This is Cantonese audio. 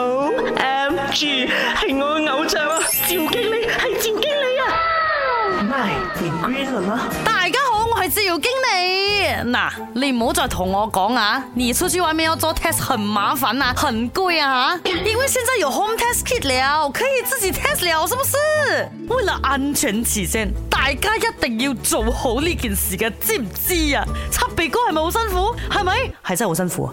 O M G，係我嘅偶像啊！趙經理係趙經理啊、oh.！My Green 啦！大家好，我係趙經理。嗱，你唔好再同我講啊！你出去外面要做 test 很麻煩啊，很攰啊吓！因為現在有 home test kit 了，可以自己 test 了，是不是？為了安全起見，大家一定要做好呢件事嘅，知唔知啊？插鼻哥係咪好辛苦？係咪？係真係好辛苦啊！